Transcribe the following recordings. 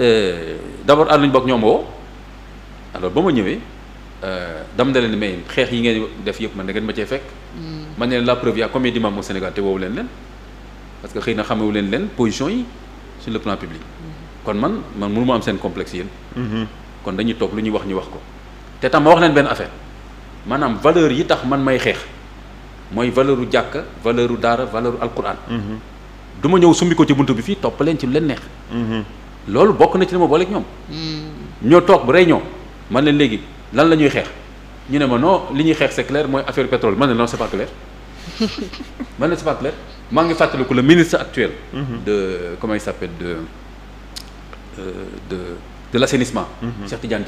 Euh, d' abord ànd nañu bokk ñoom woo alors ba ma ñëwee euh, dam na leen may xeex yi ngeen def yëpp ma da ngeen ma cee fekk. Mm. ma ne leen la preuve a combien d'imams au Sénégal te woowu leen xëy na xamewu leen leen position yi sur le plan public. Mm-hmm. kon man man mënu ma am seen complexe yéen. Mm-hmm. kon dañuy toog lu ñuy wax ñu wax ko. te tam ma wax leen benn affaire maanaam valeur yi tax man may xeex mooy valeuru jàkka valeuru daara valeuru alquran. Mm-hmm. du ma ñëw sumbi ko ci bunt bi fii topp leen ci lu leen neex. loolu bokk na ci li ma booleeg ñoom. ñoo toog ba réunion man leen léegi lan la ñuy xeex ñu ne ma noo li ñuy xeex c'est clair mooy affaire pétrole man ne non c'est pas clair man ne c'est pas maa ngi fàttaliku le ministre actuel. Mhm. de comment il s'appelle de euh, de de l'assainissement. Mhm. Cheikh Tidiane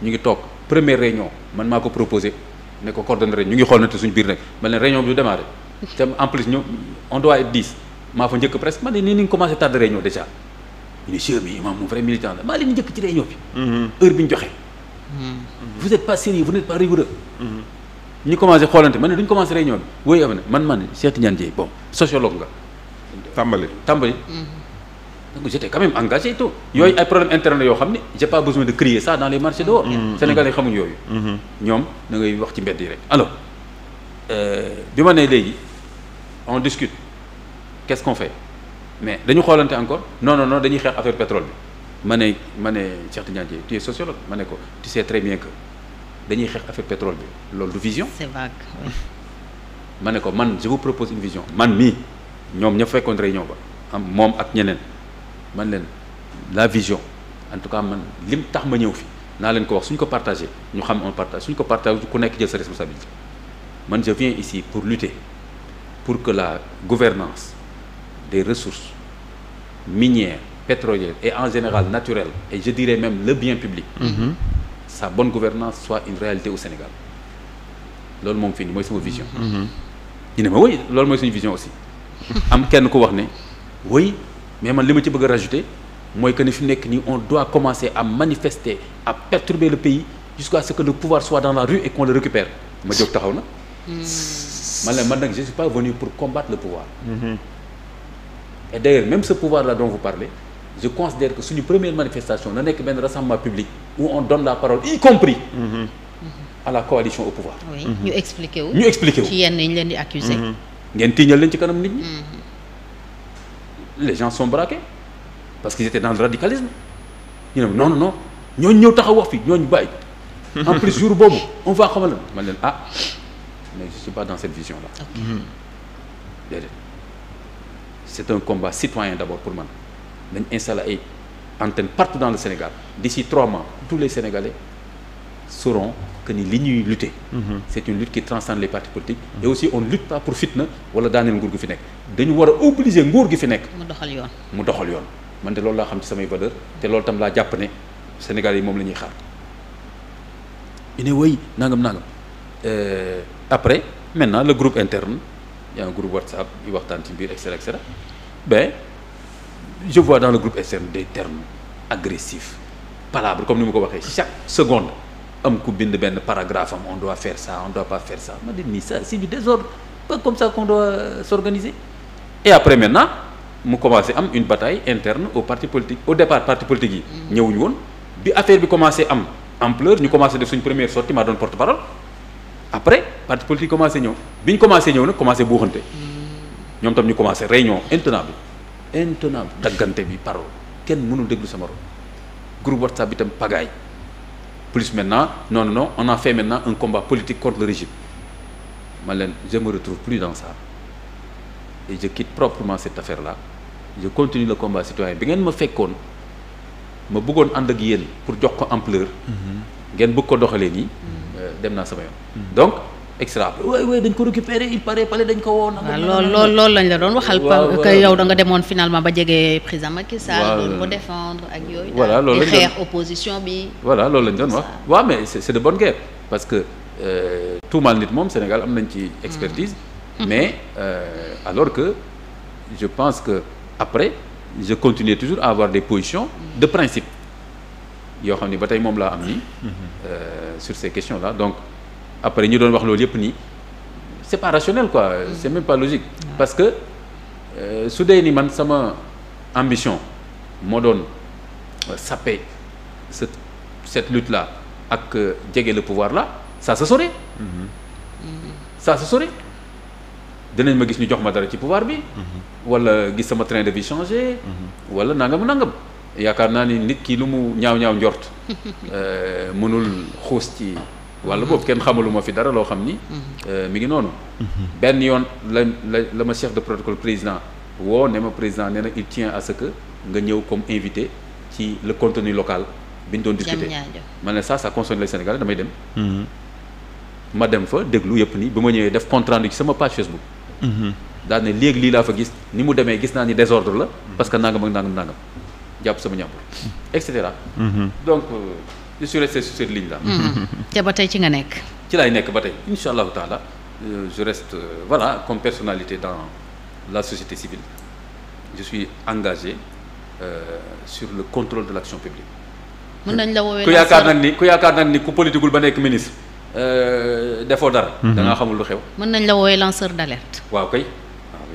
ñu ngi toog première réunion man maa ko proposé ne ko coordonné ñu ngi xool na te suñu biir nag man leen réunion bi du démarré te en plus ñu on doit être dix maa fa njëkk presque man ne ñu ne sër bi imam moom vrai militant la maa leen njëkk ci réunion bi. Mhm. heure bi ñu joxe. Mhm. vous êtes pas sérieux vous n'êtes pas rigoureux. Mhm. ñu commencé xoolante man ne duñ commencé réunion bi wóoy am na man man Cheikh Tidiane Dièye bon sociologue nga. tàmbali tàmbali. donc j'étais quand même engagé et tout. yooyu ay problème interne yoo xam ne j'ai pas besoin de crier ça dans les marchés dehors. Sénégalais yi xamuñu yooyu. ñoom da ngay wax ci mbedd yi rek alors euh, bi ma mais dañu xoolante encore non non non dañuy xeex affaire pétrole bi ma ne ma ne Cheikh Tidiane Dièye tu es sociologue ma ne ko tu sais très bien que dañuy xeex affaire pétrole bi loolu du vision. c'est vague ma ne ko man je vous propose une vision man mii ñoom ña fekkoon ñëw ba am moom ak ñeneen man leen la vision en tout cas man lim tax ma ñëw fii naa leen ko wax suñ ko partagé ñu xam on partage suñ ko partagé ku nekk jël sa responsabilité man je viens ici pour lutter pour que la gouvernance des ressources minières, pétrolières et en général naturelles, et je dirais même le bien public, mmh. sa bonne gouvernance soit une réalité au Sénégal. loolu moom fii nii mooy sama vision. Mhm. Mhm. ñu ne ma oui loolu mooy moo vision aussi. am kenn ku wax ne oui mais man li ma ci bëgg a rajouter mooy que fi nekk nii on doit commencer à manifester à perturber le pays jusqu'à ce que le pouvoir soit dans la rue et qu'on le récupère ma jóg taxaw na. Hmm. man la man nag je suis pas venu et d'ailleurs même ce pouvoir là dont vous parlez je considère que suñu première manifestation na nekk benn rassemblement public où on donne la parole y compris mm -hmm. à la coalition au pouvoir. oui mm-hmm. ñu expliqué wu. ñu expliqué wu ci yenn yi ñu leen di accuser mm-hmm. ngeen tiiñal leen ci kanam nit ñi. Mm-hmm. les gens sont braqués parce qu'ils étaient dans le radicalisme ñu non non non ñooñu ñëw taxaw wax fi ñooñu bàyyi. en plus jour boobu on va xamal ma leen ah mais je suis c'est un combat citoyen d'abord pour man dañ installer ay antenne partout dans le Sénégal d'ici trois mois tous les Sénégalais soron que ni li ñuy lutter mhm. c'est une lutte qui transcende les partis politiques et aussi on ne lutte pas pour fitna wala daaneel nguur gi fi nekk dañu war a obliger nguur gi fi nekk mu doxal yoon mu doxal yoon man de loolu laa xam ci samay valeur te loolu tam laa jàpp ne Sénégalais yi moom la ñuy xaar ñu ne woy nangam nangam euh, après maintenant le groupe y a un groupe WhatsApp yu waxtaan ci mbir et cetera et cetera mais je vois dans le groupe externe des termes agressifs palabres comme ni mu ko waxee chaque seconde am ku bind benn paragraphe am on doit faire ça on doit pas faire ça ma ne nii ça c'est du désordre pas comme ça qu'on doit euh, s'organiser et après maintenant mu commencé am une bataille interne au parti politique au départ parti politique yi mm. ñëwuñu woon bi affaire bi commencé am ampleur ñu commencé def suñ première sortie maa après parti politique commencé ñëw bi ñu commencé ñëw nag commencé buuxante ñoom tam ñu commencé réunion intenable intenable daggante bi parole kenn mënul déglu sama morom groupe WhatsApp bi tam pagaille plus maintenant non non on a fait maintenant un combat politique contre le régime ma leen je me retrouve plus dans ça et je quitte proprement cette affaire là je continue le combat citoyen bi ngeen ma fekkoon ma bëggoon ànd ak yéen pour jox ko empleur mhm. ngeen bëgg ko doxalee nii. Mhm. dem naa sama yoon. Hmm. donc extra waay waay dañ ko récupérer il paraît pale dañ ko woon. waaw lool loolu loolu la doon waxal. waaw que yow da nga demoon finalement ba jege président Macky Sall. doon ko défendre ak yooyu. voilà loolu lañ doon bi. voilà loolu lañ doon wax waaw mais c' est de bonne guerre parce que euh, tuumaal nit moom Sénégal am nañ ci expertise. Hmm. mais euh, alors que je pense que après je continuais toujours à avoir des positions de principe. yoo xam ni ba tey moom laa am nii. Euh, sur ces questions la donc après ñu doon wax loolu yëpp nii c'est pas rationnel quoi c'est même pas logique. parce que euh, su dee nii man sama ambition moo doon euh, saper cette cette lutte là ak jege le pouvoir là ça sa saurait. Mm-hmm. ça se saurait. dinañ ma gis ñu jox ma dara ci pouvoir bi. Mm-hmm. wala gis sama train de vie changer. Mm-hmm. wala nangam nangam. yaakaar naa ni nit kii lu mu ñaaw ñaaw njort euh, mënul xuus ci wala mm-hmm. boobu kenn xamaluma fi dara loo xam ni mm-hmm. euh, mi ngi noonu mm-hmm. benn yoon la la la ma chef de protocole président woo ne ma président nee na il tient à ce que nga ñëw comme invité ci le contenu local bi ñu doon ma ne ça ça concerne les Sénégalais damay dem ma dem fa déglu yëpp ni ba ma ñëwee def compte rendu ci sama page Facebook daal ne léegi lii laa fa gis ni mu demee gis naa ni désordre la parce que nangam ak nangam nangam jàpp sama ñàmbur et cetera. Mm-hmm. donc euh, je suis resté sur cette ligne là. Mm-hmm. Mm-hmm. te ba tey ci nga nekk. ci laay nekk ba tey incha allahu taala euh, je reste euh, voilà comme personnalité dans la société civile je suis engagé euh, sur le contrôle de l'action publique. mën nañ la woowee ku yaakaar nag ni ku yaakaar nag la woowee lanceur d'alerte. waaw kay.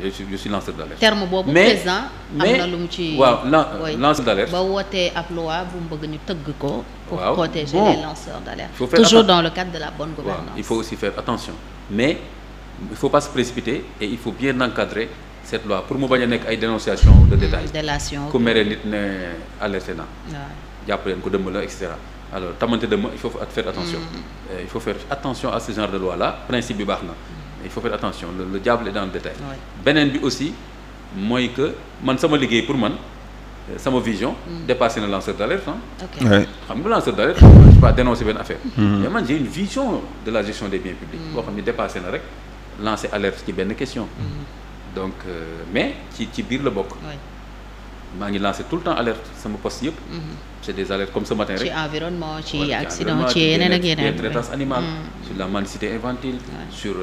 je suis je suis lanceur d'alerte. terme boobu président am na lu mu ci waaw lanceur d'alerte ba wootee ab loi bu mu bëgg ñu tëgg ko. pour wow. protéger bon. les lanceurs d'alerte. toujours dans le cadre de la bonne gouvernance wow. il faut aussi faire attention mais il faut pas se précipiter et il faut bien encadrer cette loi pour mu bañ nekk ay dénonciation de hmm, détail. délation ku mere nit ne alerté na. waaw jàpp leen ko dëmb la et cetera. alors tamante dëmb il faut faire attention. Hmm. Euh, il faut faire attention à baax na. il faut faire attention le, le diable est dans le détail beneen bi aussi mooy que man sama liggéey pour man euh, sama vision mm. dépassé na lanceur d'alerte ah xam nga lanceur d'alerte je sais dénoncer benn affaire mm. mais man j'ai une vision de la gestion des biens publics mm. boo xam ne dépassé na rek lancer alerte ci benn question donc euh, mais ci ci biir la bokk maa ngi lancer tout le temps alerte sama poste yëpp mm-hmm. c'est des alertes comme ce matin rek. ci environnement ci accident ci yeneen ak yeneen traitance animale hmm. sur la mendicité infantile hmm. sur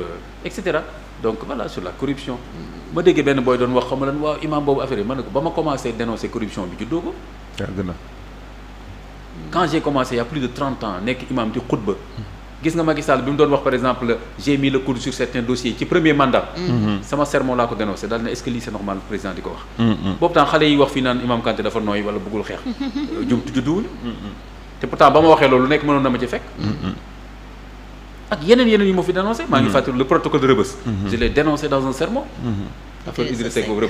et cetera donc voilà sur la corruption ma déggee benn booy doon wax xam nga lan waaw imam boobu affaire yi ma ne ko ba ma commencé dénoncer corruption bi juddoo ko quand j'ai commencé il y plus de trente ans nekk imam di xutba hmm. gis nga Macky Sall bi mu doon wax par exemple j'ai mis le coude sur certains dossiers ci premier mandat. Mm-hmm. Mm-hmm. sama sermon laa ko dénoncé daal ne est-ce que lii c'est normal président di ko wax. Mm-hmm. boobu xale yi wax fii naan Imam Kanté dafa nooy wala bëggul xeex. jumtu judduwul. te pourtant ba ma waxee loolu nekk mënoon ma ci yeneen yeneen yu ma fi dénoncé. maa ngi fàttali le protocole de Rebeuss. je l'ai dans un sermon. après Idrissa euh,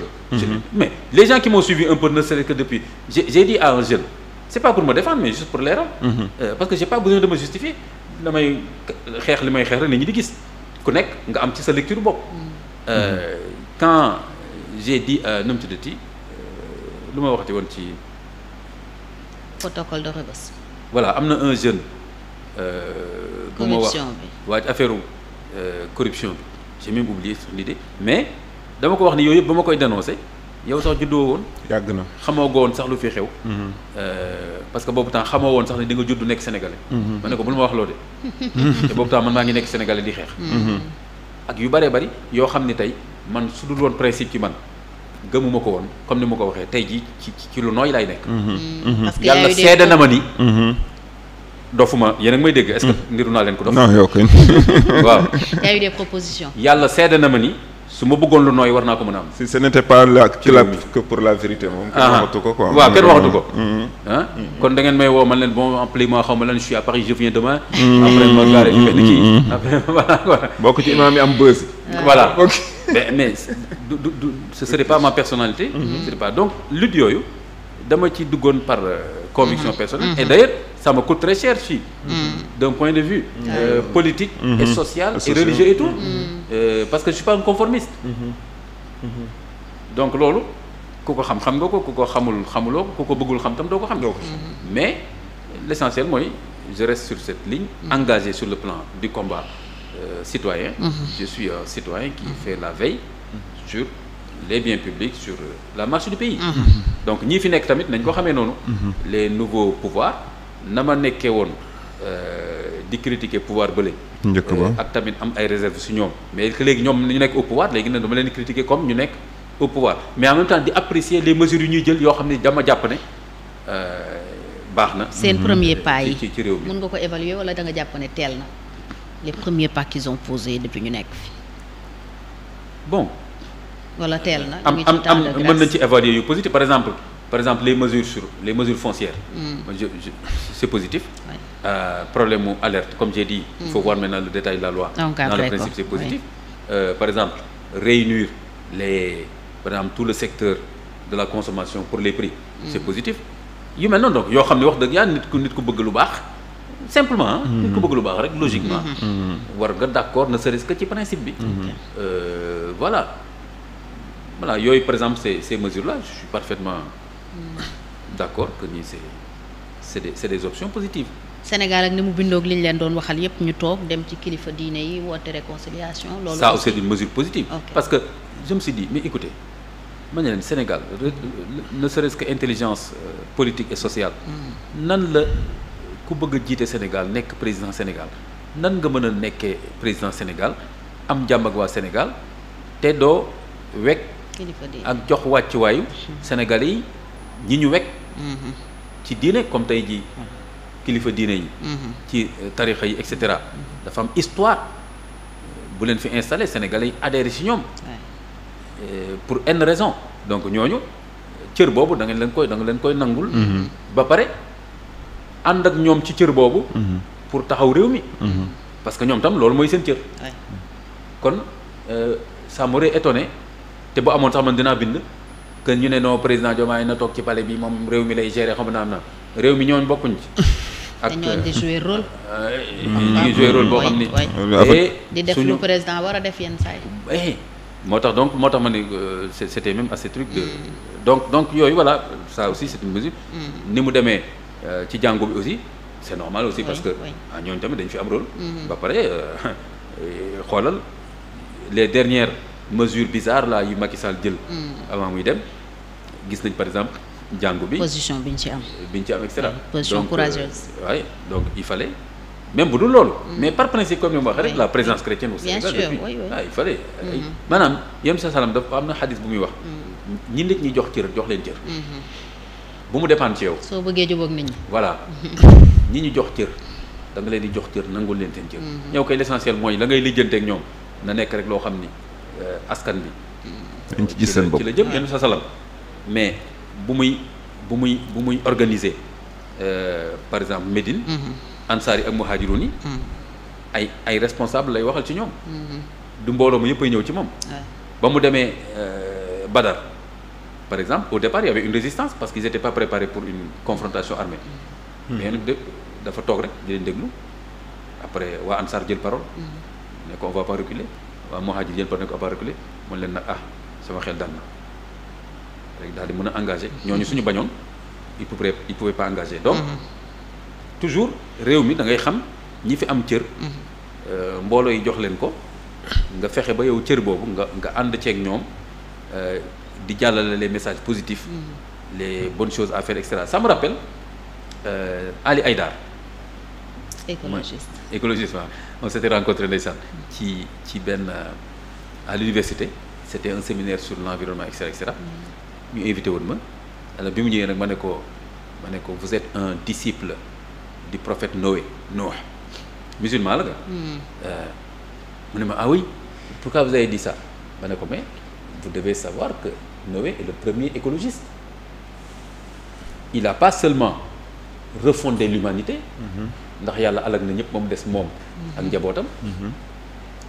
de me damay xeex li may xeex rek nit ñi di gis ku nekk nga am ci sa lecture bopp. Mm. Euh, quand j'ai dit nu mu tuddati euh, lu ma waxati woon ci. protocole de Rebeuss. voilà am na un jeune. Euh, bu ma wax waaj affaire corruption bi j'ai même oublié l'idée mais dama ko wax ni yooyu yëpp ba ma koy dénoncer. yow sax juddoo woon. yàgg na xamoo ko woon sax lu fee xew. Mhm. Euh, parce que boobu temps xamoo woon sax ne di nga judd nekk sénégalais. Mhm. ma ne ko bul ma wax loo de. Mhm. te boobu temps man maa ngi nekk sénégalais di xeex. ak yu bëree bari yoo xam ni tey man su dul woon principe ci man gëmuma ko woon comme ni ma ko waxee tey jii ci ci lu nooy lay nekk. Mm. yàlla seede na ma ni. dofuma yéen a ngi may dégg. est-ce mm. naa leen ko dof. waaw. yàlla seede na ma ni. su ma bëggoon lu nooy war naa ko mën a am. si ce n'était pas là que la pour la vérité moom. kenn ah, waxatu ko mm-hmm. Mm-hmm. Ah, kon da ngeen may woo leen bon en plus ma xaw ma lan je à Paris je viens demain. Mm-hmm. après ma garé ci benn kii. après voilà quoi. bokk ci imaam yi am bës. voilà mais du du ce serait pas ma personnalité. ce serait pas donc lutte yooyu dama ci duggoon par euh, conviction personnelle. et d'ailleurs ça me coûte très cher fii. d'un point de vue euh, politique et mhm. social et religieux et tout mhm. euh, parce que je suis pas un conformiste mhm. donc loolu ku ko xam xam nga ko ku ko xamul xamuloo ko ku ko bëggul xam tam doo ko xam mais l'essentiel mooy je reste sur cette ligne engagé sur le plan du combat euh, citoyen je suis un citoyen qui fait la veille sur les biens publics sur euh, la marche du pays donc ñi fi nekk tamit nañ ko xame noonu les nouveaux pouvoirs na ma nekkee woon Euh, di critiquer pouvoir bële. njëkk ba euh, ak tamit am ay réserve si ñoom. mais que léegi ñoom ñu nekk au pouvoir léegi nag dama leen critiquer comme ñu nekk au pouvoir mais en même temps di apprécier les mesures yu ñuy jël yoo xam ne dama jàpp ne euh, baax na. seen premier pas yi ci réew mi mun nga ko évaluer wala da nga jàpp ne teel na les premiers pas qu'ils ont posés depuis ñu nekk fi bon. wala teel na. am am mën nañ ci évaluer yu positif par exemple. par exemple les mesures sur les mesures foncières mm. c'est positif euh, problème mu alerte comme j'ai dit il faut mm. voir maintenant le détail de la loi Donc, dans le principe c'est positif euh, par exemple réunir les par exemple tout le secteur de la consommation pour les prix mm. c'est positif yu mel noonu donc yoo xam ne wax dëgg yàlla nit ku nit ku bëgg lu baax simplement mm. nit ku bëgg lu baax rek logiquement mm-hmm. Mm-hmm. war nga d'accord ne serait-ce ci principe bi mm-hmm. Euh, voilà voilà yooyu par exemple ces ces mesures là je suis parfaitement Mm. d'accord que ni c'est c'est des c'est des options positives. Sénégal ak ni mu bindoog li ñu leen doon waxal yépp ñu toog dem ci kilifa diine yi woote réconciliation. loolu ça aussi c'est une mesure positive. Okay. parce que je me suis dit mais écoutez ma ne leen Sénégal ne serait-ce intelligence euh, politique et sociale. Mm. nan la ku bëgg jiite Sénégal nekk président Sénégal nan nga mën a nekkee président Sénégal am jàmm ak Sénégal te doo wekk. ak jox wàccuwaayu mm. Sénégalais yi. ñi ñu wekk mm-hmm. ci diine comme tey ji mm-hmm. kilifa diine yi mm-hmm. ci euh, tarixa yi et cetera dafa am histoire bu leen fi installé sénégal yi adhéré ci ñoom euh, pour une raison donc ñooñu cër boobu da nga leen koy da nga leen koy nangul ba pare ànd ak ñoom ci cër boobu pour taxaw réew mi parce que ñoom tam loolu mooy seen cër kon euh, ça m'aurait étonné te bu amoon sax man dinaa bind que ñu ne non président Diomaye na toog ci palais bi moom réew mi lay gérer xam naa na réew mi ñooñu bokkuñ ci. ak dañoo euh, di jouer rôle. ñu ngi jouer rôle boo xam ni. di def lu président war a def yenn eh, moo tax donc moo tax ma ne euh, c'était même assez truc de mm. donc donc yooyu voilà ça aussi c'est une mm. ni mu demee euh, ci jàngo bi aussi c'est normal aussi parce que ah, ñooñu tamit dañ fi am rôle. Mm-hmm. ba pare xoolal les dernières. mesure bizarre là yu Macky Sall jël. Hmm. avant muy dem gis nañ par exemple jàngu bi. position bi ñu ci am. bi ñu ci am et cetera. Hmm. position courageuse. waaye euh, donc il fallait même bu dul loolu. Hmm. mais par principe comme ni ma waxee rek la présence chrétienne au Sénégal depuis ah il fallait. maanaam yem sa salaam dafa am na xadis bu muy wax. ñi nit ñi jox cër jox leen cër. bu mu defan ci yow. soo bëggee jubóog nit ñi. voilà ñi ñu jox cër da nga leen di jox cër nangul leen seen cër. ñëw kay l' essentiel mooy la ngay lijjante ak ñoom na nekk rek loo xam ni. Euh, askan bi. dañ ci gis seen bopp la jëm yenn sa salam mais bu muy bu muy bu muy organiser euh, par exemple Médine. Mhm. ansaar yi ak muhaajiroon yi mhm. ay ay responsable lay waxal ci ñoom. Mhm. du mbooloo mu yëpp ay ñëw ci moom. ba mu demee euh, Badar par exemple au départ il y avait une résistance parce qu'ils étaient pas préparés pour une confrontation armée. mais nag de dafa toog rek di leen déglu après waa ansaar jël parole. ne ko on va pas reculer. waaw muhaajir yéen par ne ko aba reculé mun leen nag ah sama xel dal na rek daal di mën a engagé ñooñu suñu bañoon il pouvait il pouvait pas engager donc mm-hmm. toujours réew mi da ngay xam ñi fi am cër mm-hmm. euh, mbooloo yi jox leen ko nga fexe ba yow cër boobu nga nga ànd ceeg ñoom euh, di jàllale les messages positifs mm-hmm. les bonnes choses à faire et sama ça me rappelle euh, Ali Haïdar écologiste on s'était rencontré ndeysaan ci ci benn euh, à l'université c'était un séminaire sur l'environnement et cetera et cetera ñu invité woon ma alors bi mu ñëwee nag ma ne ko ma ne ko vous êtes un disciple du prophète Noé Noah musulman la nga hmm. euh, mu ma ah oui pourquoi vous avez dit ça ma ne ko mais vous devez savoir que Noé est le premier écologiste il a pas seulement refondé l'humanité mm ndax yàlla alag na ñëpp mu des moom ak mhm. njabootam mhm.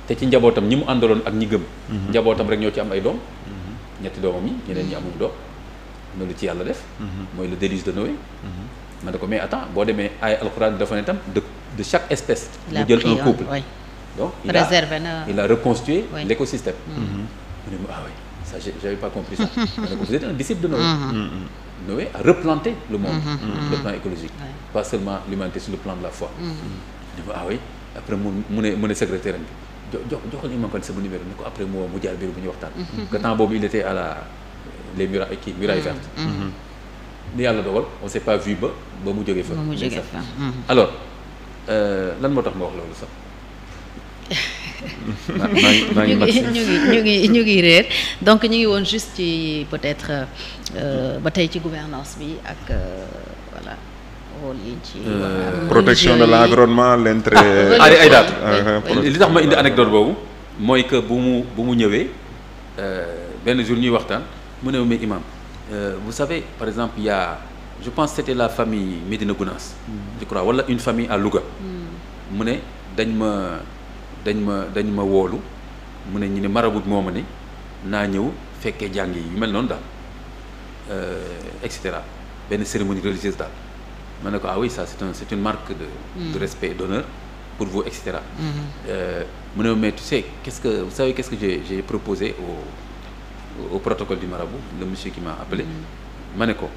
te ci njabootam ñi mu àndaloon ak ñi gëm mhm. njabootam rek ñoo ci am ay doom ñetti doomam yi ñeneen ñi amuñu doom noonu ci yàlla def mooy le déluge de Noé ma ne ko mais attends boo demee ay alxuraan dafa ne tam de de chaque espèce mu jël un couple donc il a il a reconstitué l'écosystème mu ne ah ça j'avais pas compris ça vous êtes un disciple de Noé mm-hmm. Mm-hmm. Noé a replanté monde sur mm-hmm. plan écologique pas seulement l'humanité sur le plan de la foi ah oui après mu mu ne mu ne secrétaire bi jo jox joxal ñu ma ko sama numéro ni ko après mu mu jaar biir bu ñu waxtaan que temps boobu il était à la les murailles kii murailles vertes ni yàlla dogal on s'est pas vu ba ba mu jógee fa alors euh, lan moo tax ma wax loolu sax ñu ngi ñu ngi ñu ngi réer donc ñu ngi woon juste ci peut-être euh, ba tey ci gouvernance bi ak euh, voilà rôle yi ci euh, protection de l'environnement ah, l'intérêt ay ay daat li tax ma indi anecdote boobu mooy que bu mu bu mu ñëwee benn jour ñuy waxtaan mu ne mais imam vous savez par exemple il je pense c'était la famille Medina Gounass mm. je crois wala une famille à Louga mm. mu ne dañ ma dañ ma dañ ma woolu mu ne ñu ne marabut moo ma ne naa ñëw fekkee jàng yi yu mel noonu daal euh, et cetera benn cérémonie religieuse daal ma ne ko ah oui ça c'est un c'est une marque de mm. respect d'honneur pour vous et cetera mm-hmm. euh, mu ne mais tu sais quest que vous savez qu'est-ce que j'ai j'ai proposé au au protocole du marabout le monsieur qui m'a appelé mm-hmm. ma ne ko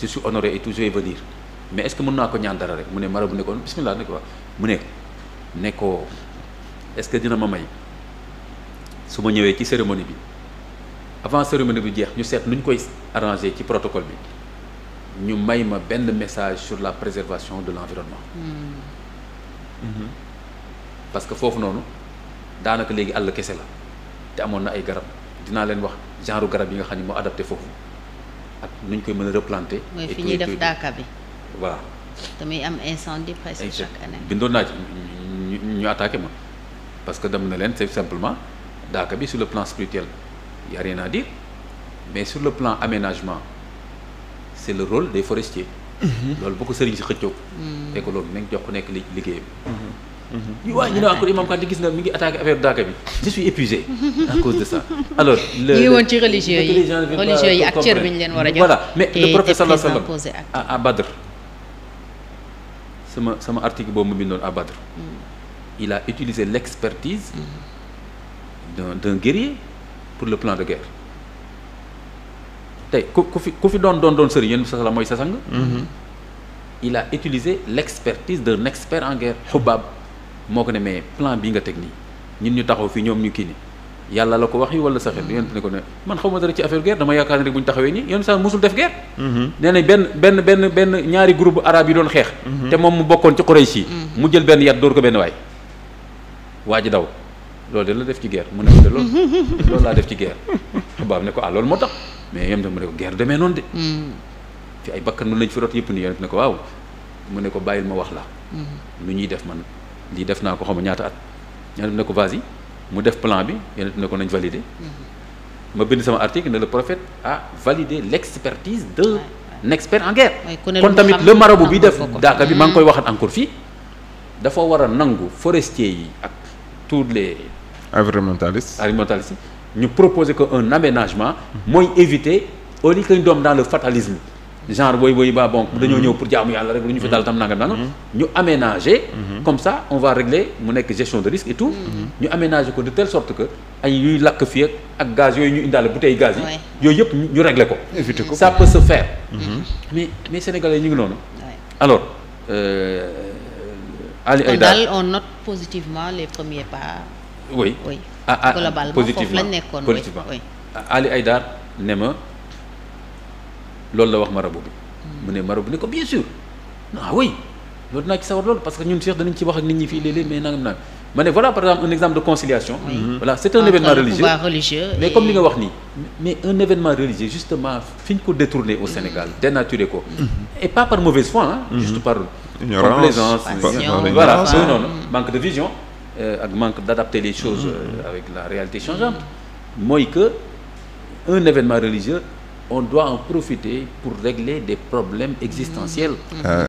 je suis honoré et tout je vais venir mais est-ce que mën naa ko ñaan dara rek mu ne marabout ne ko bismillah ne ko mu ne ne ko est-ce que dina ma may su ma ñëwee ci cérémonie bi avant cérémonie bi jeex ñu seet nu ñu koy arranger ci protocole bi ñu may ma benn message sur la préservation de l'environnement. Mmh. parce que foofu noonu daanaka léegi àll kese la te amoon na ay garab dinaa leen wax genre garab yi nga xam ne moo adapté foofu ak nu koy mën a replanter. mooy fi ñuy def daaka bi voilà. damay am incendie presque chaque année. bindoon naa ci ñu attaqué ma. parce que dama na leen c'est simplement daaka bi sur le plan spirituel y a rien à mais sur le plan aménagement c'est le rôle de forestiers. Mhm. loolu boo ko sëriñ si xëccoo. te mm. ko jox ku nekk liggéeyam. ñu mhm. mhm. waa ñu ne na mi ngi attaqué affaire daaka bi je suis épuisé à cause de ça ak cër bi ñu leen war a jox voilà mais le prophète sallallahu sama sama boobu mu bindoon à il a utilisé l'expertise d'un d'un guerrier pour le plan de guerre tey ku ku fi ku fi doon doon doon sëriñ yéen sa la mooy sa sang mm-hmm. il a utilisé l'expertise d'un expert en guerre xubaab moo ko ne mais plan bi nga teg nii ñun ñu taxaw fii ñoom ñu kii nii yàlla la ko wax yi wala sa xel mm-hmm. yonent ne ko ne man xaw ma dara ci affaire guerre dama yaakaar ne rek bu ñu taxawee nii yonent sax musul def guerre mm-hmm. nee nañ benn benn benn benn ñaari groupe arabe yi doon xeex te moom mu bokkoon ci Quraysh yi mu jël benn yat dóor benn waay waa ji daw loolu de la def ci guerre mu ne ko loolu loolu laa def ci guerre tubaab ne ko ah loolu moo tax mais yem de mu ne ko guerre demee noonu de hmm. fi ay bakkan mën nañ fi ne ko waaw mu ne ko bàyyil ma wax la hmm. lu ñuy def man lii def naa ko xaw ma ñaata at ñaata ne ko vas mu def plan bi yonent ne ko nañ hmm. ma bind sama article ne le prophète a validé l'expertise de un expert en guerre kon tamit la marabout bi def daaka bi maa ngi koy waxat encore fii dafa war a nangu forestier yi ak tous les environnementalistes environnementalistes ñu proposer que un aménagement mooy éviter au lieu que ñu doom dans le fatalisme genre woy woy ba bon dañoo ñëw pour jaamu yàlla rek lu ñu fi dal tam nangam nangam mhm. ñu aménager mhm. comme ça on va régler mu nekk gestion de risque et tout mhm. ñu aménager ko de telle sorte que ay yuy lakk fii ak ak gaz yooyu ñu indaale bouteille gaz yi yooyu yëpp ñu régler ko éviter ko ça peut se faire mais mais sénégalais ñu ngi noonu alors euh, Ali Aïdara daal on note positivement les premiers pas. oui oui. ah ah positivement nekkoon positivement ah, Ali Aïdar ne ma loolu la wax marabu bi. Hmm. mu ne marabu ne ko bien sûr ah oui loolu naa ci sawar loolu parce que ñun Cheikh danañ ci wax ak nit ñi fii léeg-léeg mais nangam naa. ma ne voilà par exemple un exemple de conciliation. Oui. Mm-hmm. voilà c' est un événement religieux mais comme li nga mais un événement religieux justement fi ñu ko au Sénégal mm-hmm. dénaturé ko. Mm-hmm. et pas par mauvaise foi juste par. complaisance manque de vision. Euh, ak manque d' adapter les choses. Euh, avec la réalité changeante. mooy que un événement religieux on doit en profiter pour régler des problèmes existentiels. Euh,